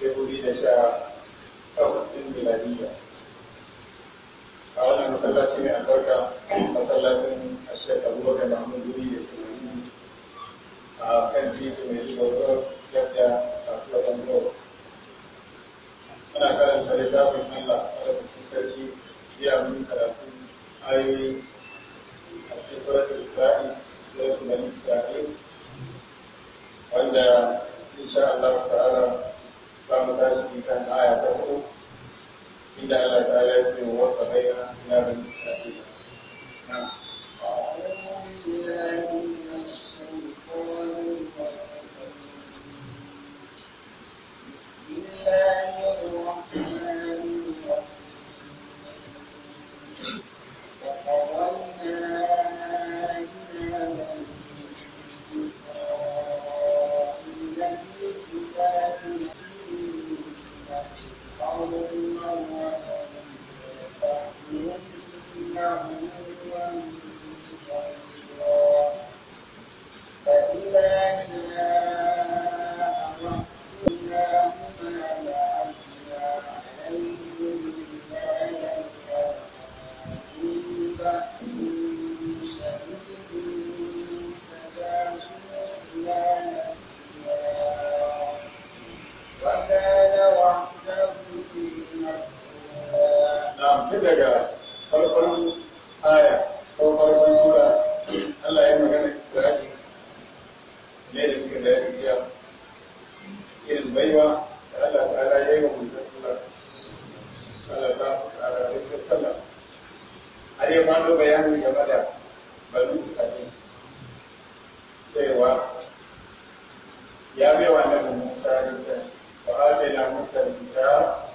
2018 ɗin miladiyya a wannan masallaci mai albarka masallacin ashek abubakar mahmud guri da ke wani a kan titi mai shoro yadda kasuwar ɗanɗo muna karanta littafin allah a lokacin sarki jiya mun karatu ayoyi a cikin suratul isra'i suratul bani isra'il wanda insha allah za mu tashi kan aya ta hudu inda Allah ta ya ce wa ta bayyana na bin sa'i na الكفار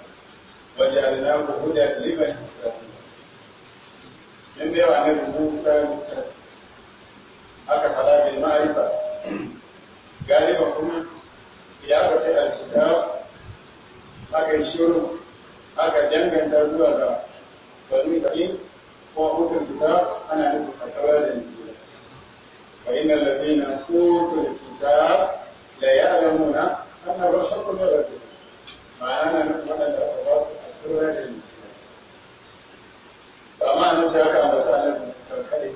وجعلناه هدى لبني إسرائيل من يوم النبي موسى aka fada bil ma'rifa galiba kuma idan aka ce aka yi shiru aka danganta zuwa ga ko hukun guda, ana nufin fatawa da injila wa innal ladina utul ma'ana na nufin waɗanda aka ba su tattura da mutum amma an sai aka ambata annabi musa kai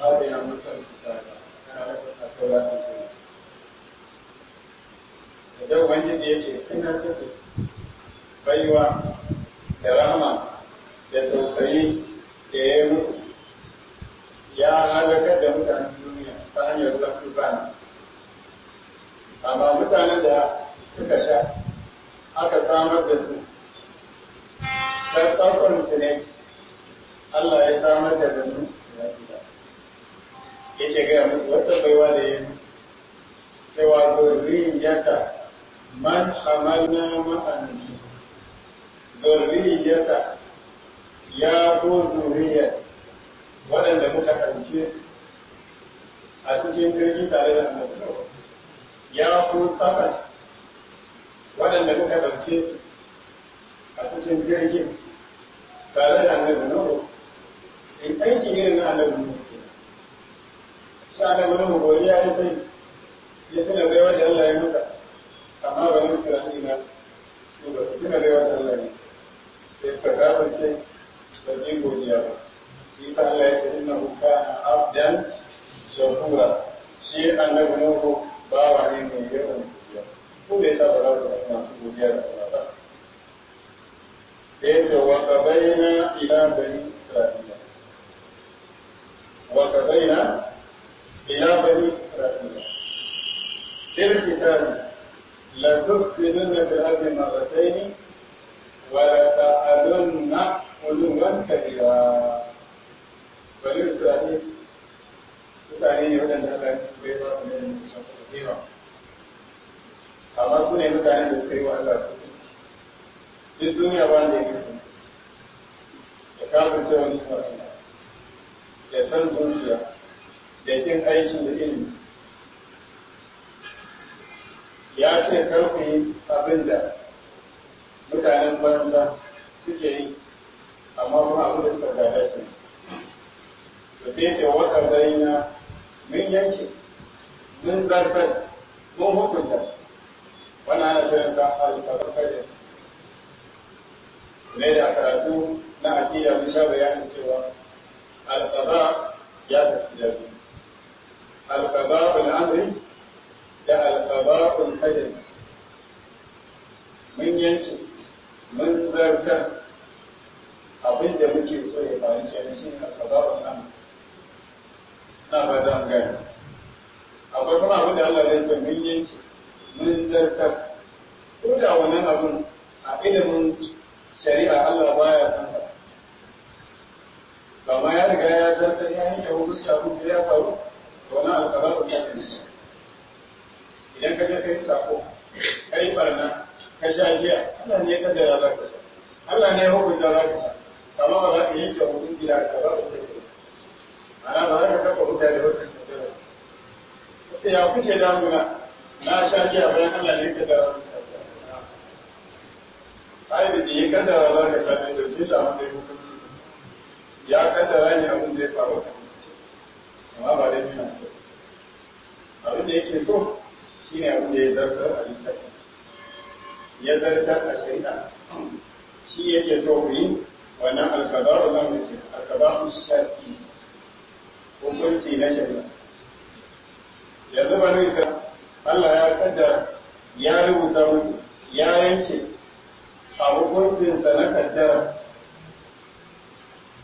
ba da yana musa kitaba yana nufin tattura da mutum da sai da yake tunatar da su baiwa da rama, da tausayi da ya yi musu ya halakar da mutanen duniya ta hanyar ruwan turbani amma mutanen da suka sha aka samar da su ƙarfafan su ne Allah ya samar da ganin su na gida yake gaya musu wata baiwa da ya musu cewa zurriyata man hamalna ma'anani zurriyata ya ko zuriyar waɗanda muka ɗauke su a cikin jirgin tare da annabawa ya ko tsakar waɗanda muka ɗauke su a cikin jirgin tare da annabi nuhu in eh, aiki irin na annabi nuhu ke shi annabi nuhu godiya ya ta ya tuna baiwa da Allah ya masa amma ba ni isra'ila su ba su tuna baiwa da Allah ya masa sai suka kafance ba su yi godiya ba shi yasa Allah ya ce hukka a abdan shakura shi annabi nuhu bawa ne mai yawan ko bai sa ba masu godiya da Allah sai ce wa qabaina ila bani isra'ila wa qabaina ila bani isra'ila dil kitabi la tufsiduna fil ardi marratayn wa la ta'alunna uluwan kabira bani isra'ila mutane ne waɗanda Allah ya su bai ba mu da mutanen da suka yi wa Allah kusanci duk duniya ba da ya kusanci ya kafin cewa ni kuma. ya san zuciya da yin aiki da ilimi ya ce karku yi abin da mutanen banza suke yi amma kuma abin da suka gada ce da sai ce wata na mun yanke mun zartar mun hukunta wannan ana kiran sa al-tafakkur ne da karatu na aqida mun sha bayanin cewa al-qada ya tasbiya al-qada al-amri da al-qada al-qadar mun yanke mun zartar abin da muke so ya faru kenan shi ne al-qada al-amri na ba da gani akwai kuma abin da Allah ya ce mun yanke mun zartar ko da wannan abun a ilimin shari'a Allah baya san sa ba ma ya riga ya zartar ya yanke hukunci abun sai ya faru wani wannan alƙabaru ya tafi idan ka je kai sako kai barna ka sha giya Allah ne ya kaddara za ka sha Allah ne ya hukunta za ka sha amma ba za ka yanke hukunci da alƙabaru ya tafi ana ba za ka taɓa mutane wasu kaddara sai ya kuke damuna na sha biya bayan Allah ne ka da wani sasa ai da ya kaddara za ka sha biya dauke shi a matsayin hukunci ya kaddara ne abin zai faru kan mutum amma ba dai yana so abin da yake so shine abin da ya zartar a littafi ya zartar a shari'a shi yake so ku yi wannan alkabaru na ke, alkabaru shafi hukunci na shari'a yanzu ba nisa Allah ya kaddara ya rubuta musu ya yanke a hukuncinsa na kaddara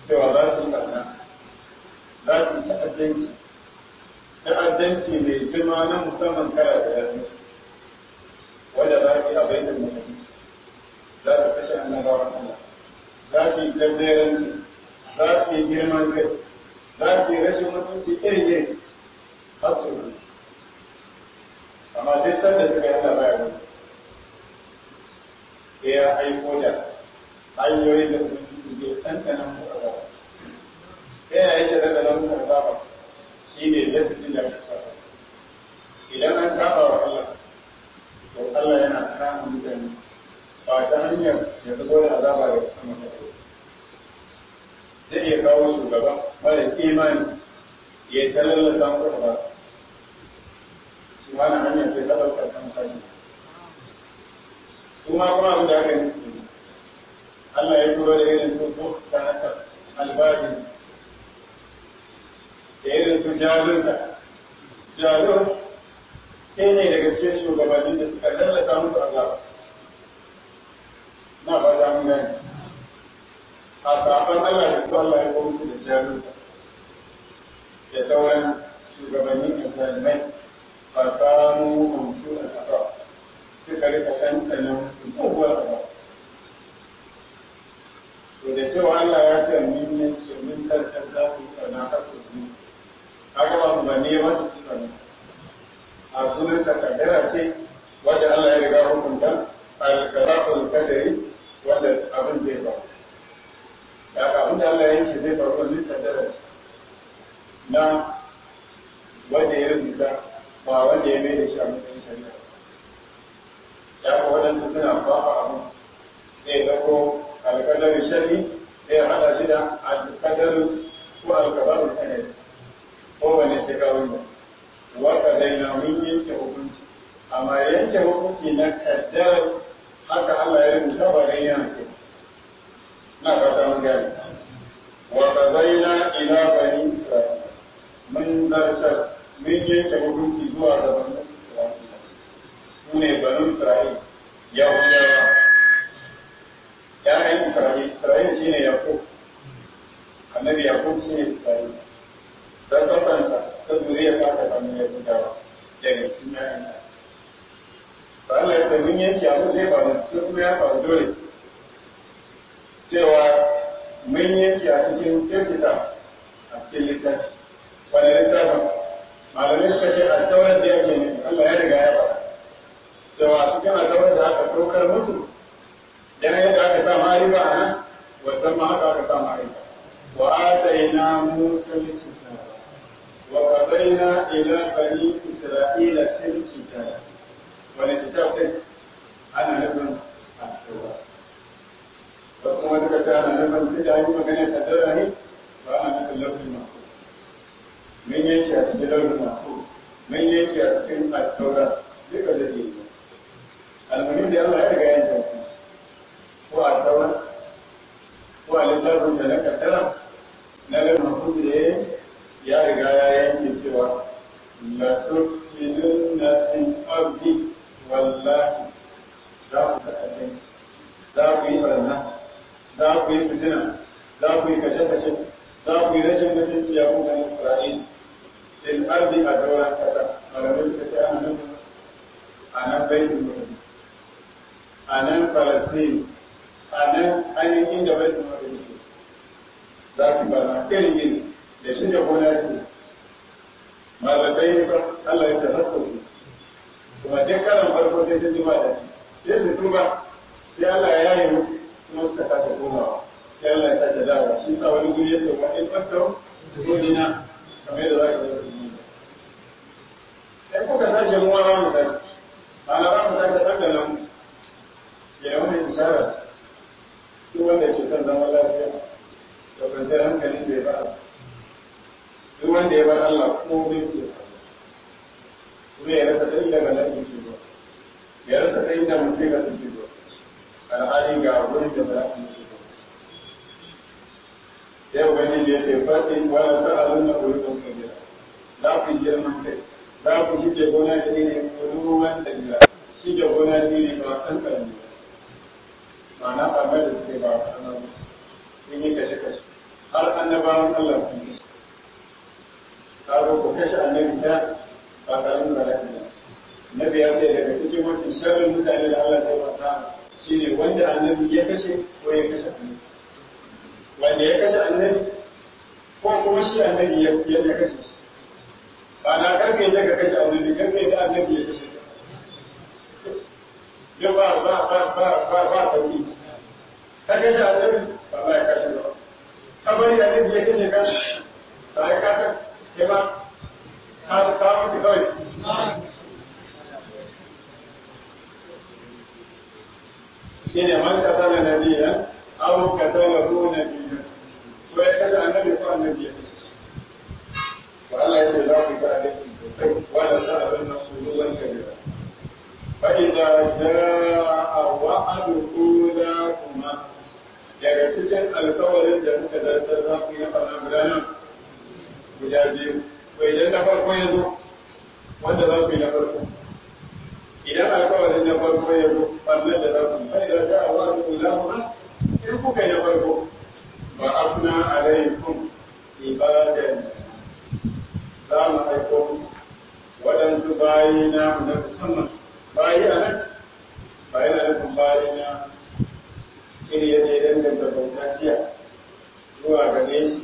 cewa za su ɓarna za su ta'addanci ta'addanci mai girma na musamman kara da yarda wanda za su yi a baitul muqaddis za su kashe annabawan Allah za su yi jabberanci za su yi girman kai za su yi rashin mutunci iri iri har su amma duk sanda suka yi Allah baya wuce sai ya haifo da hanyoyin da ubangiji zai tantana musu azaba sai ya yake tantana musu azaba shi ne lasifin da ake saba idan an saba wa Allah to Allah yana kama mutane ba ta hanyar ya sabo da azaba daga sama ta zai iya kawo shugaba mara imani ya talalla samun ba Wani hanya ce ta ɗaukar fansa ne su ma kuma abin da aka yi su Allah ya turo da irin su ta nasar albari da irin su jarunta jarunt ɗaya ne daga cikin shugabannin da suka lallasa musu azaba na ba za mu gani a saɓan Allah da su Allah ya kawo musu da jarunta da sauran shugabannin azalimai fasamu hamsin da kafa suka rika ɗanɗana musu muguwar abu to da cewa Allah ya ce min ne ke min zartar zafi na kaso ne kaga ba ba ne masa sifa ne a sunansa kaddara ce Allah ya riga wanda abin zai faru da abin da Allah yake zai faru ne kaddara ce na wanda ya rubuta ba wanda ya mai da shi a matsayin shari'a ya ko waɗansu suna ba a abu sai ya ko alƙadar shari sai ya haɗa shi da alƙadar ko alƙabar kadari ko wane sai ka wanda waka dai na mun yanke hukunci amma yanke hukunci na kaddar haka Allah ya rubuta ba dan yana so na fata mun gani wa na ila bani Isra'ila. mun zartar mun yanke hukunci zuwa ga banu Isra'ila su ne banu Isra'il Yahudawa ‘ya'yan Isra'il Isra'il shi ne Yakub annabi Yakub shi ne Isra'il don tsakansa ta zuriya sa ka samu Yahudawa daga cikin ‘ya'yansa ba Allah ya ce mun yanke abu zai faru sai kuma ya faru dole cewa mun yanke a cikin kirkita a cikin littafi wani littafin malamai suka ce a taurar da yake ne Allah ya riga ya faɗa cewa cikin a taurar da aka saukar musu yanayin da aka sa mari a nan wancan ma haka aka sa ba wa atayna musa kitaba wa qadayna ila bani isra'ila fil kitaba wani kitab din ana nufin a taurat wasu kuma suka ce ana nufin sai da yi magana dara ne ba ana nufin lafzin mun yanke a cikin launin mako mun yanke a cikin attaura duka zai yi almuhim da Allah ya riga yanke a kansu ko tsawon, ko a littafin sa na kaddara na launin mako da ya riga ya yanke cewa la tufsidunna fil ardi wallahi za ku ta'addanci za ku yi barna za ku yi fitina za ku yi kashe-kashe za ku yi rashin mutunci ya kuma Isra'il fil ardi a dauran kasa malamai suka ce a nan a nan baitul maqdis a nan Palestine a nan ainihin inda baitul maqdis za su barna irin gini da shi da gona ke malamai ba Allah ya ce hasu kuma duk karan farko sai sun ji ba da sai su tuba sai Allah ya yi musu kuma suka sake komawa sai Allah ya sake dawo shi sa wani ya ce kamar yadda za zama duhulina sai kuka mu ba mu ya yi wani isharar ce duk wanda ke son zama lafiya da hankali wanda ya bar Allah ko bai kuma ya rasa ta daga lafiya ya rasa da ke ba alhali ga wurin da ba za mu ke sai ubangiji ya ce faɗi wala ta alun na kuri don kabila za ku girman kai za ku shige gona da iri ruwan da gida shige gona da iri ba kan kalmi ma'ana ɓarnar da suke ba a musu sun yi kashe-kashe har annabawan Allah sun kashe karo ku kashe annabi da ba karamin bala'i ba nabi ya ce daga cikin mafi sharrin mutane da Allah zai wata shine wanda annabi ya kashe ko ya kashe annabi wanda ya kashe annabi ko kuma shi annabi ya kashe shi ba na karfe ne ka kashe annabi karfe yadda annabi ya kashe ka yau ba ba ba ba ba ba sauki ka kashe annabi ba ba ya kashe ba ka bari annabi ya kashe ka ba ya kasa ke ba ka ka mutu kawai shi ne man kasa na nabiya abu ka tawa ko ko ya kashe annabi ko annabi ya kashe shi to Allah ya ce za ku ta adalci sosai wala ta azanna quluban kabira fa idza jaa wa'du qulakuma daga cikin alkawarin da muka zartar za ku yi fara guda nan guda biyu to idan na farko ya zo wanda za ku yi na farko idan alƙawarin na farko ya zo ɓarnar da za ku yi ba idan za a da kula kuma in kuka yi na farko ba'athna alaykum ibadan za mu aiko waɗansu bayi na na musamman bayi a nan bayi na nufin bayi na iri yadda ya danganta bautaciya zuwa gane shi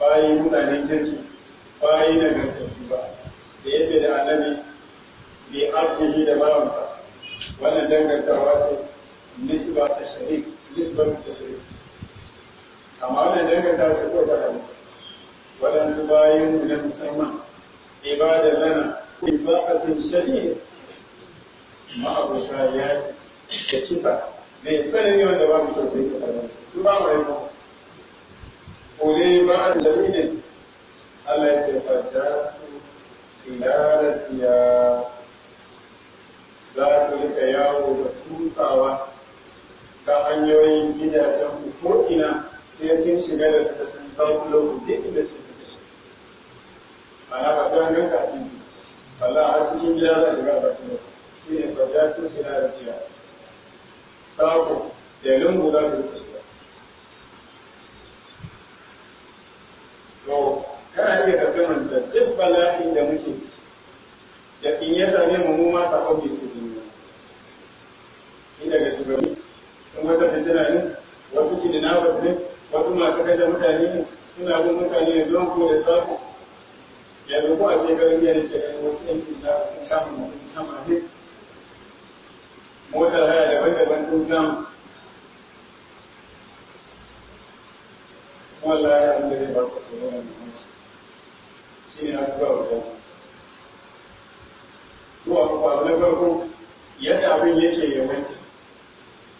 bayi mutanen kirki bayi na gantattu ba da ya ce da annabi bi arzihi da bawansa wannan dangantawa ce nisba ta shari'a nisba ta shari'a amma wannan dangata ce ko ta hannu waɗansu bayan mu na musamman ibadan lana ba a san shari'a ma'abuta ya da kisa mai tsanani wanda ba mu tausayi da ƙarfinsa su ba mu raiko kone ba a san shari'a ne Allah ya ce faciya su filalar za su rika yawo da tusawa ta hanyoyin gidajen ko'ina. sai sun shiga da ta sun samu lokaci inda su suka shi. ana ba sai an ganka a titi wallah a cikin gida za shiga da kuma shi ne ba ja su gida da biya sako da lungu za su rika shiga to kana iya ka kamanta duk bala'in da muke ciki da in ya same mu mu ma sakon bai ke duniya inda ga shugabanni kuma ta fitina ne wasu kidina wasu ne wasu masu kashe mutane suna bin mutane da don kuma da sabo ya dogo a shekarun yadda ke ganin wasu yankin da sun kama mutum tamanin motar haya daban-daban sun kama wallahi ya da zai ba ku tsoro na mutunci shi ne na kuka wa kai su a kuka na farko yadda abin yake yawanci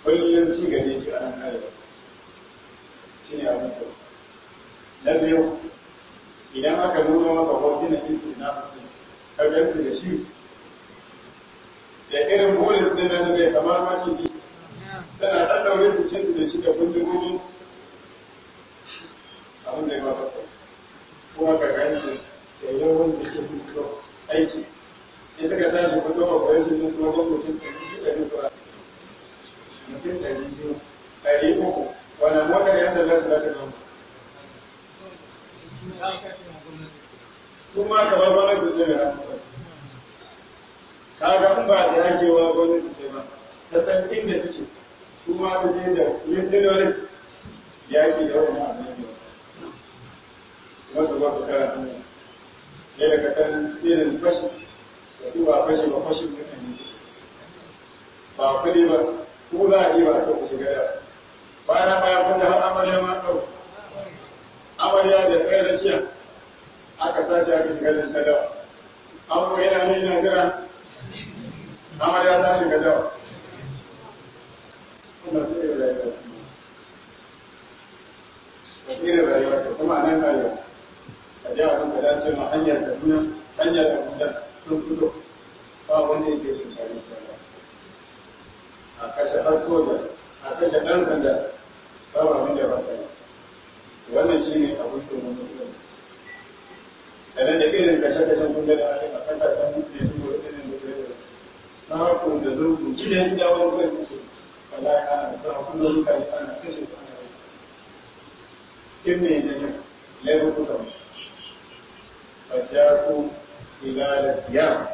kullum ci gaba yake ana karewa shi ne abin na biyu idan aka nuna maka hotunan ɗinkin na fuskar ka gansu da shi da irin bolin ɗin nan bai kamar maciji suna ɗan ɗaure jikinsu da shi da bindigoginsu abin da ya ba ka kuma ka gansu da yawan jikin su fito aiki in suka tashi fito a kwayarsu ne su wajen mutum ɗari biyu ɗari ba mutum ɗari biyu ɗari uku wannan motar ya san za ta gamsu su ma kamar gwamnati ce mai ramuka su kaga in ba da yakewa gwamnati ce ba ta san inda suke su ma su je da rundunonin yaki da wani abin wasu wasu karatu ne da kasan irin fashi da su ba fashi ba fashin mutane suke ba kudi ba ku za a yi ba ta ku shiga da bayan baya kun da har amarya ma ɗau amarya da ɗan lafiya. aka sace aka shiga da ta dawa an kuma yana ne yana jira amarya ta shiga dawa kuma su da rayuwa su tsirin rayuwa su kuma nan rayuwa a ji abin da dace ma hanyar kuma hanyar da kuma sun fito ba wanda ya ce shi kare shi a kashe har soja a kashe ɗan sanda Ba ba abin da ba sani wannan shi ne abin da mun musulunci sannan da irin kashe-kashen kundin da a kasashen da ya tuba irin da ya da su sakon da zurgu gidan dawon kai kuke wala ana sakon da mutane ana kashe su ana rage su in mai zanya laifin kuka faciya su ilalar ya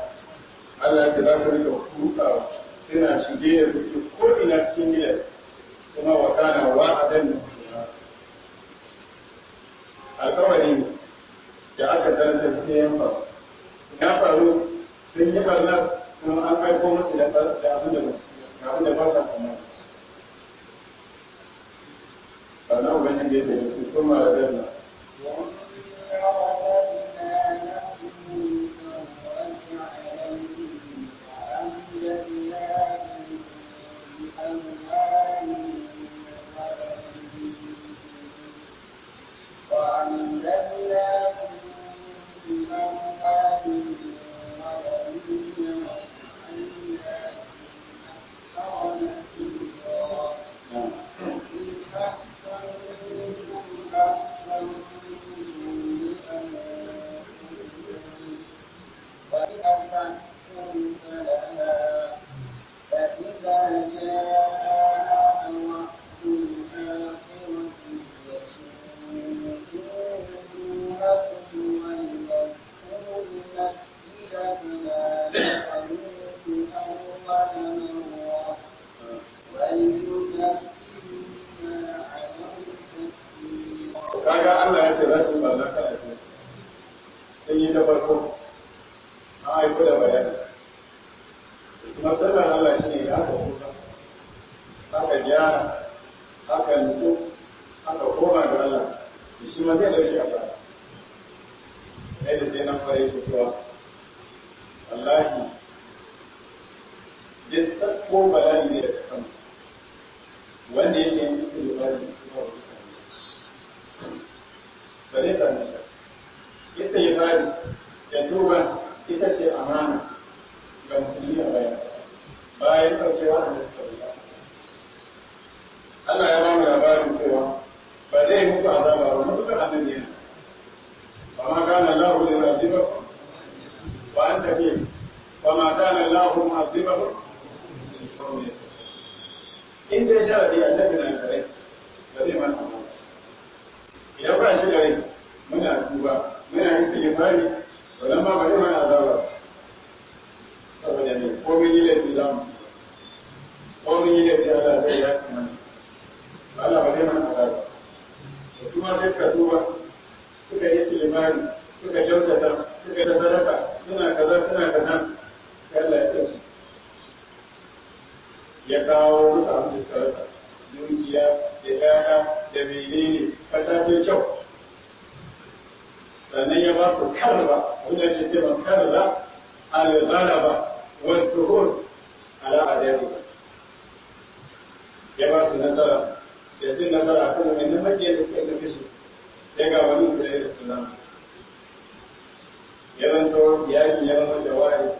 Allah ta za su rika kutsawa suna shige da kuce ko ina cikin gidan kuma wa kana wa'adan mafura alƙawari da aka zartar sai ya faru ya faru sun yi ɓarnar kuma an ko musu da abin da musu abin da ba sa tsammani sannan ubangiji ya ce su kuma da dalila ce za su yi barna a addini sun yi ta farko musulmi a bayan bayan ɗaukewa a nan saboda Allah ya bamu labarin cewa ba zai muku azaba ba mutukar annabi yana ba ma kana lahu li yu'adhibakum wa anta fihi wa ma kana lahu mu'adhibakum in dai sharadi annabi na kare ba zai mana ba idan ba shi gare muna tuba muna istighfari wannan ma ba zai mana azaba ba saboda ne ko min yi laifin za mu ko min yi laifi Allah zai ya kuma Allah ba zai mana azaba da su ma sai suka tuba suka yi silimani suka kyautata suka yi sadaka suna kaza suna kaza sai Allah ya tafi ya kawo musu abin da suka rasa dukiya da ƴaƴa da menene ƙasa ta kyau sannan ya ba su karba wanda ake ce ba karba al-ghalaba والسهول على أعدائهم ya ba nasara da cin nasara a kan wannan makiyar da suka su sai ga wani su da sallam ya zanto yaƙi da wari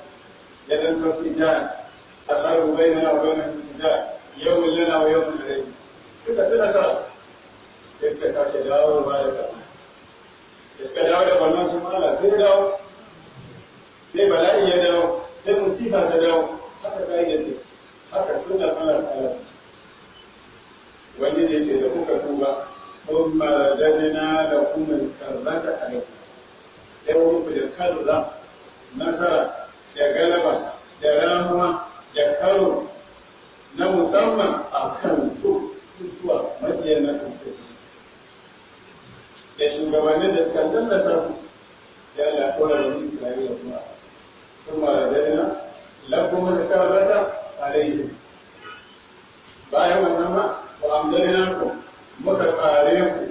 ya su ja a tsarin bai na wa bai su ja yau lana wa yau mun rai suka ci nasara sai suka sake dawo ba da kama dawo da wannan sun mala sai dawo sai bala'i ya dawo sai musiba ta dawo haka yi ne, haka suna fara fara wani ne ce da kuka tuba kun na da kuma karnata a yau sai wani da kalula nasara da galaba da ramuwa da karo na musamman a kan su suwa maɗiyar nasan sai da shugabannin da suka tallasa su sai Allah ya kora da kuma a su ثم رددنا لكم الكرة عليهم bayan wannan ma wa amdalina ku muka kare ku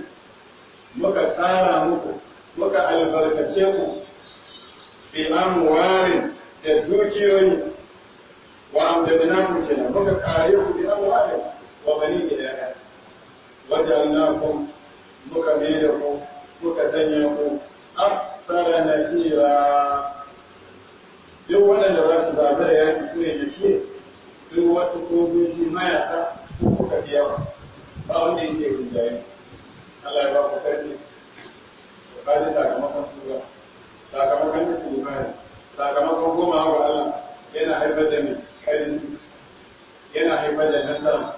muka kara muku muka albarkace ku bi amwarin da dukiyoyi wa amdalina ku kenan muka kare ku bi amwarin wa bani gidaya wajalnakum muka mai ku muka sanya ku aktsara nasira duk waɗanda za su zaɓi da yaƙi su ne da fiye duk wasu sojoji mayaka ko kuka biya ba wanda ya ce rinjaye Allah ya ba ku karfi ba da sakamakon tura sakamakon da su sakamakon goma ga Allah yana haifar da mai karin yana haifar da nasara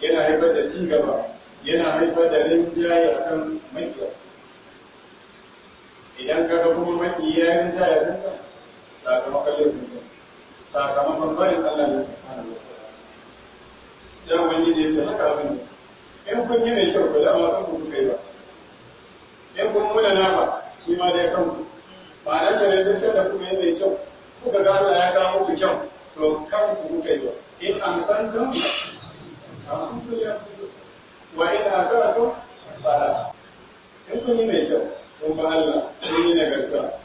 yana haifar da cigaba yana haifar da rinjaye akan maƙiya idan ka ga kuma maƙiya rinjaye sakamakon laifin sakamakon bayan Allah ne su kana da sai wani ne sai haka abin in kun yi mai kyau ku da amma kan ku kai ba in kun muna na ba shi ma dai kanku ba nan da ne sai da kuma yi mai kyau kuka ga Allah ya ga muku kyau to kanku ku kai ba in an san tun an san tun ya su wa in asara Ba fara in kun yi mai kyau kun ba Allah kun yi nagarta